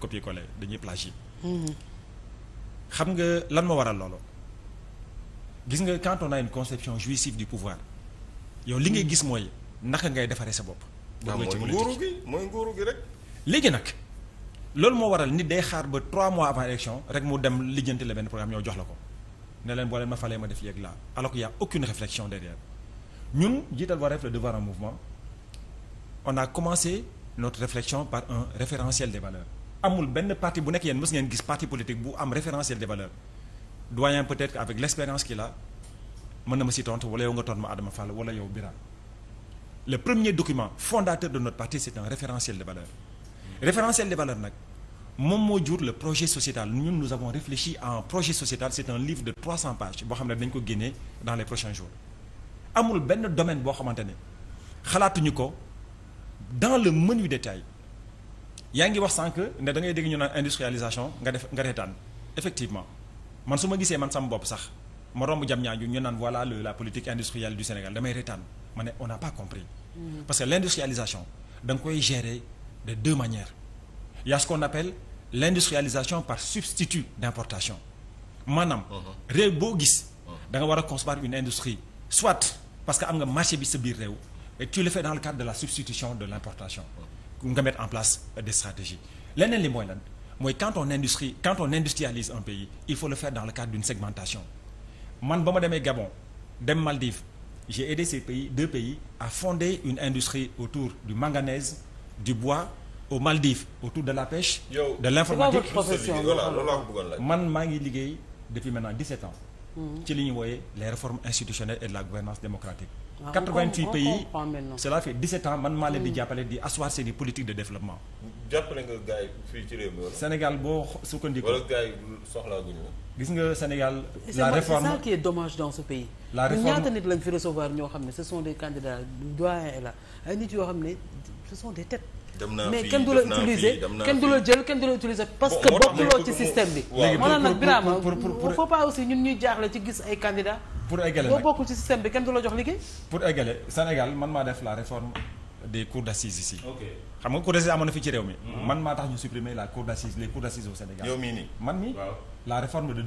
copier coller dañuy plagier. Mm-hmm. xam nga lan ma waral loolu. gis nga quand on a une conception jouissive du pouvoir yow li ngay gis mooy naka ngay defaree sa bopp. mooy nguuru gi mooy nguuru gi rek. léegi nag loolu moo waral nit day xaar ba trois mois avant élection rek mu dem lijjanti la benn programme ñoo jox la ko ne leen boo leen ma falee ma def léegi laa alors qu'il y a aucune réflexion derrière ñun jiital Wareef le devoir en mouvement on a commencé notre réflexion par un référentiel des valeurs. amul benn parti bu nekk yéen mës ngeen gis parti politique bu am référentiel des valeurs doyen peut-être qu'avec l'expérience qu'il a mën na ma si tontu wala yow nga tontu ma Adama Fall wala yow Birane le premier document fondateur de notre parti c'est un référentiel des valeurs référentiel des valeurs nag moom moo jur le projet sociétal ñun nous avons réfléchi à un projet sociétal c'est un livre de 300 pages boo xam ne dañ ko génnee dans les prochains jours amul benn domaine boo xamante ne xalaatuñu ko dans le menu détail yaa ngi wax sànq ne da ngay dégg ñu naan industrialisation nga def nga reetaan effectivement man su ma gisee man sama bopp sax ma romb jam ñaaju ñu naan voilà la politique industrielle du Sénégal damay reetaan ma ne on n'a pas compris. Mm-hmm. parce que l'industrialisation da nga koy gérer de deux manières il y a ce qu'on appelle l'industrialisation par substitut d'importation maanaam. Uh-huh. réew boo gis. Uh-huh. da nga war a concevoir une industrie soit parce que am nga marché bi sa biir réew et tu le fais de la substitution nga mettre en place euh, des stratégies leneen li mooy lan mooy quand on industrie quand on industrialise un pays il faut le faire dans le cadre d'une segmentation man ba ma demee Gabon dem Maldives j'ai aidé ces pays deux pays à fonder une industrie autour du manganèse du bois aux Maldives autour de la pêche. Yo, de l'informatique man maa ngi liggéey depuis maintenant 17 ans. ci li ñu wooyee les réformes institutionnelles et de la gouvernance démocratique. waaw 88 pays cela fait 17 ans man maa di mm. jàppale di asseoir seen politique de développement. jàppale nga gars yi fii ci réew mi Sénégal boo sukkandiku. wala gars yi soxlaaguñu la. gis nga Sénégal. la réforme c'est dans ce pays. la réforme ñaata nit lañ fi recevoir ñoo xam ne ce sont des candidats doyens et ay nit yoo xam ne ce sont des têtes. mais kenn du la utiliser kenn du la jël kenn du la utiliser parce que bokkuloo ci système bi moo tax nag Birama faut pas aussi ñun ñuy jaaxle ci gis ay candidats pour égaler boo bokkul ci système bi kenn du la jox liggéey pour égaler Sénégal man maa def la réforme des cours d'assises ici xam nga cour d'assises amoon na fi ci réew mi mm-hmm. man maa tax ñu supprimer la cour d'assises les cours d'assises au Sénégal yow mii nii man mii la réforme de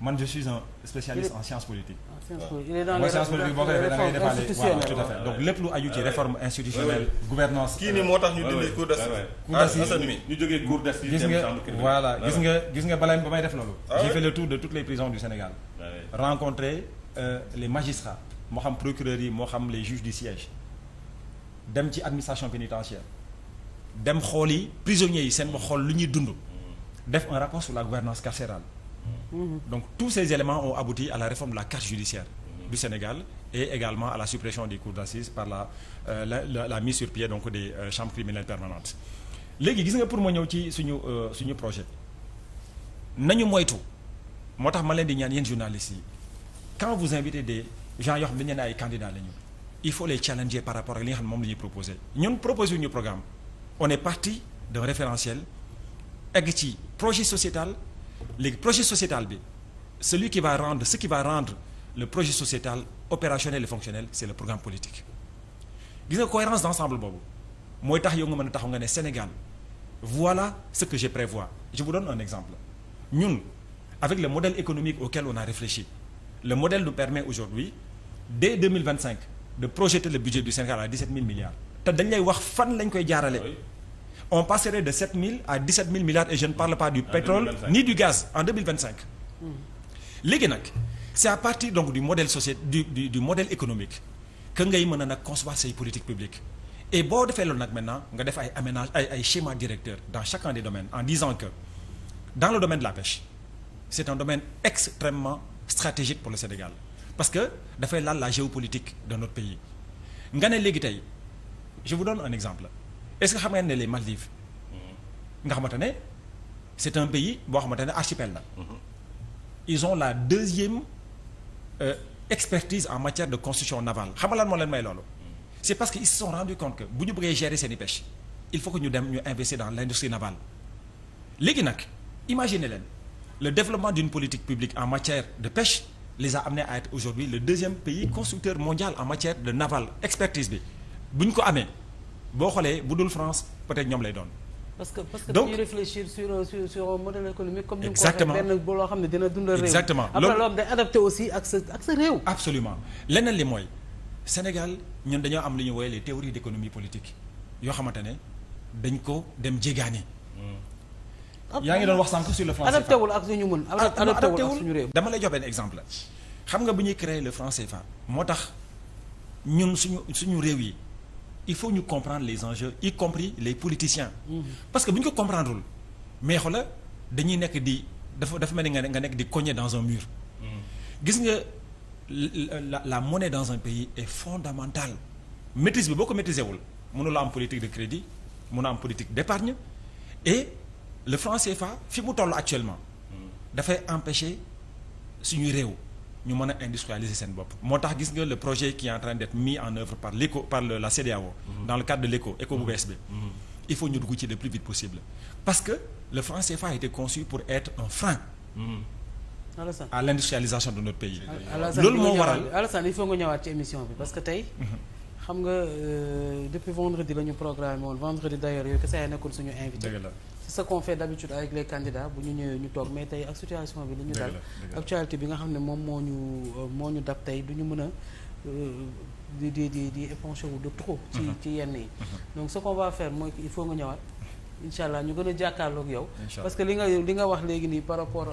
man je suis un spécialiste en sciences politiques. mooy science politique boo ko defee da defaale tout à fait donc lépp lu aju ci réforme institutionnelle gouvernance kii nii moo tax ñu euh, dindi cour d'assises ah, cour d'assises mi ñu jógee gis nga voilà gis nga gis nga balaay ba may def loolu ah, j'ai fait le tour de toutes les prisons du Sénégal rencontrer euh, les magistrats moo xam procureurs yi moo xam les juges du siège dem ci administration pénitentiaire dem xool yi prisonniers yi seen ba xool lu ñuy dund mm. def un rapport la gouvernance carcérale Mm-hmm. donc tous ces éléments ont abouti à la réforme de la carte judiciaire du Sénégal et également à la suppression des cours d'assises par la, euh, la, la la mise sur pied donc des euh, chambres criminelles permanentes léegi gis nga pour ma ñëw ci suñu euh, suñu projet nañu moytu moo tax ma leen di ñaan yéen journalistes yi quand vous invitez des gens yoo xam ne dañu ne ay candidats la ñu il faut les challenger par rapport li nga xam moom la ñuy proposé ñun proposé ñu programme on est parti d'un référentiel egg ci projet sociétal. léegi projet sociétal bi celui qui va rendre ce qui va rendre le projet sociétal opérationnel et fonctionnel c'est le programme politique gis nga cohérence d'ensemble boobu mooy tax yow nga mën a taxaw nga ne Sénégal voilà ce que je prévois je vous donne un exemple ñun avec le modèle économique auquel on a réfléchi le modèle nous permet aujourd'hui dès 2025 de projeter le budget du Sénégal à 17 000 milliards te dañ lay wax fan lañ koy jaarale on passerait de 7000 à 17000 milliards et je ne parle pas du pétrole ni du gaz en 2025 léegi nag c'est à partir donc du modèle société du, du, du modèle économique que ngay mën a nag concevoir say politique publique et boo defee loolu nag maintenant nga def ay aménage ay ay schéma directeur dans chacun des domaines en disant que dans le domaine de la pêche c'est un domaine extrêmement stratégique pour le Sénégal parce que dafay laal la géopolitique de notre pays nga ne léegi tey je vous donne est-ce que xamane ngeen ne les Maldives nga xamante ne c'est un pays boo xamante ne archipel la mm-hmm. ils ont la deuxième euh, expertise en matière de construction navale xam nga lan moo leen may loolu mm-hmm. c'est parce que ils se sont rendus compte que bu ñu bëggee gérer seen i pêche il faut que ñu dem ñu investir dans l'industrie navale léegi nag imaginez leen le développement d'une politique publique en matière de pêche les a amenés à être aujourd'hui le deuxième pays constructeur mondial en matière de navale expertise bi bu ñu ko amee boo xoolee bu dul France peut ñoom lay doon. parce que parce que dañuy réfléchir sur sur sur modèle économique comme ni mu ko waxee benn boo xam ne dina dundal réew. exactement après loolu day ak sa ak sa réew. absolument leneen li mooy Sénégal ñun dañoo am lu ñu woowee les théories d'économie politique yoo xamante ne dañ ko dem jégaani. yaa ngi doon wax sànq sur le franc CFA adapté wul ak suñu mën. Ah, adapté wul ak suñu réew dama lay jox exemple. xam nga bu ñuy créer le franc CFA moo tax ñun suñu suñu réew yi. il faut ñu comprendre les enjeux y compris les politiciens mmh. parce que bu ñu ko comprendrewul mais la dañuy nekk di dafa dafa mel ni nga nekk di cogner dans un mur mmh. gis nga la la monnaie dans un pays est fondamentale maîtrise bi boo ko maîtriser wul mënula am politique de crédit mën a am politique d'épargne et le franc CFA fi mu toll actuellement mmh. dafay empêcher suñuy réew ñu mën a industrialiser seen bopp moo tax gis nga le projet qui est en mis en œuvre par l'éco par la CEDEAO mm-hmm. dans le cadre de l'éco éco bu bees bi mm-hmm. il faut ñu dugg ci le plus vite possible parce que le franc CFA a été conçu pour être un frein mm-hmm. à l'industrialisation de notre pays loolu moo waral Alassane il faut nga ñëwaat ci émission bi parce que tey xam nga euh, depuis vendredi la ñu programmé vendredi d'ailleurs yooyu kese ay nekkoon suñu invité c'est ce qu'on fait d'habitude avec les candidats bu ñu ñëwee ñu toog mais tey ak situation bi li ñu dal actualité bi nga xam ne moom moo ñu euh, moo ñu dab tey du ñu mën a euh, di di di di épanché wu de trop ci mhm. ci yenn yi mhm. donc ce qu'on va mooy il faut nga ñëwaat incha allah ñu gën a jàkkaarlook yow parce que li nga li nga wax léegi nii par rapport